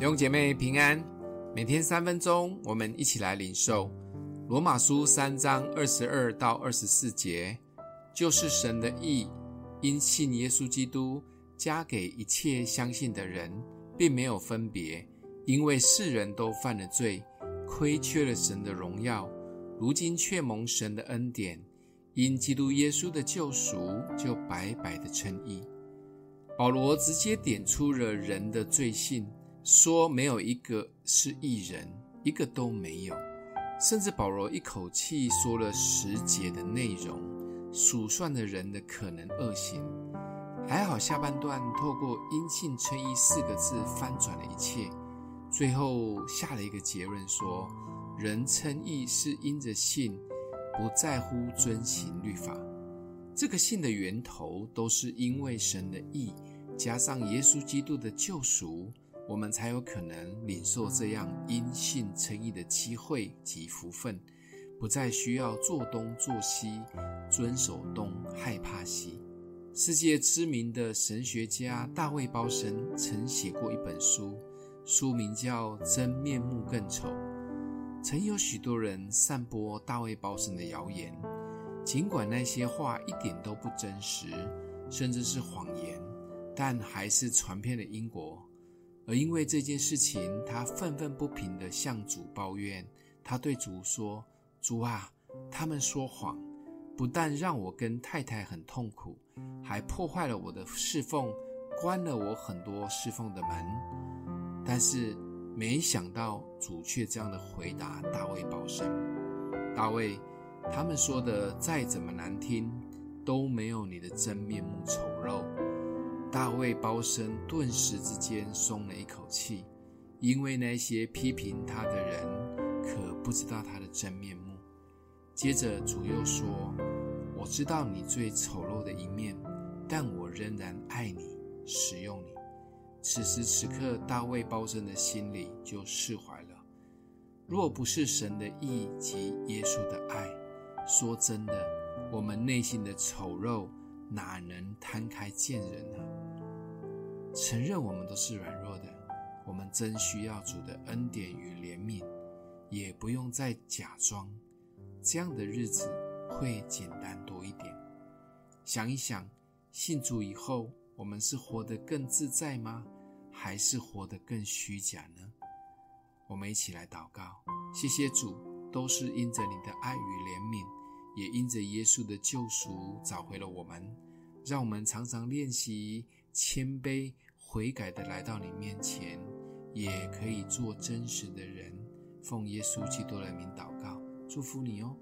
弟兄姐妹平安，每天三分鐘，我們一起來領受羅馬書三章二十二到二十四節，就是神的義，因信耶穌基督加給一切相信的人，並沒有分別，因為世人都犯了罪，虧缺了神的榮耀，如今卻蒙神的恩典，因基督耶穌的救贖，就白白的稱義。保羅直接點出了人的罪性。說沒有一個是義人，一個都沒有。甚至保羅一口氣說了十節的內容，數算的人的可能惡行。還好下半段透過因信稱義四個字翻轉了一切，最後下了一個結論說：說人稱義是因着信，不在乎遵行律法。這個信的源頭都是因為神的義加上耶穌基督的救贖。我們才有可能領受這樣因信稱義的機會及福分，不再需要做東做西，遵守東害怕西。世界知名的神學家大衛·鮑森曾寫過一本書，書名叫《真面目更醜》。曾有許多人散播大衛·鮑森的謠言，儘管那些話一點都不真實，甚至是謊言，但還是傳遍了英國。而因為這件事情，他憤憤不平地向主抱怨。他對主說：“主啊，他們說謊，不但讓我跟太太很痛苦，還破壞了我的侍奉，關了我很多侍奉的門。”但是沒想到主卻這樣的回答大衛鮑森：“大衛，他們說的再怎麼難聽，都沒有你的真面目醜。”大衛鮑森頓時之間鬆了一口氣，因為那些批評他的人，可不知道他的真面目。接着主又說：“我知道你最醜陋的一面，但我仍然愛你，使用你。”此時此刻，大衛鮑森的心裡就釋懷了。若不是神的義及耶穌的愛，說真的，我們內心的醜陋哪能攤開見人呢？承認我們都是軟弱的，我們真需要主的恩典與憐憫，也不用再假裝，這樣的日子會簡單多一點。想一想，信主以後，我們是活得更自在嗎？還是活得更虛假呢？我們一起來禱告，謝謝主，都是因着你的愛與憐憫，也因着耶穌的救贖，找回了我們。讓我們常常練習，謙卑悔改的來到你面前，也可以做真實的人，奉耶穌基督的名禱告，祝福你哦。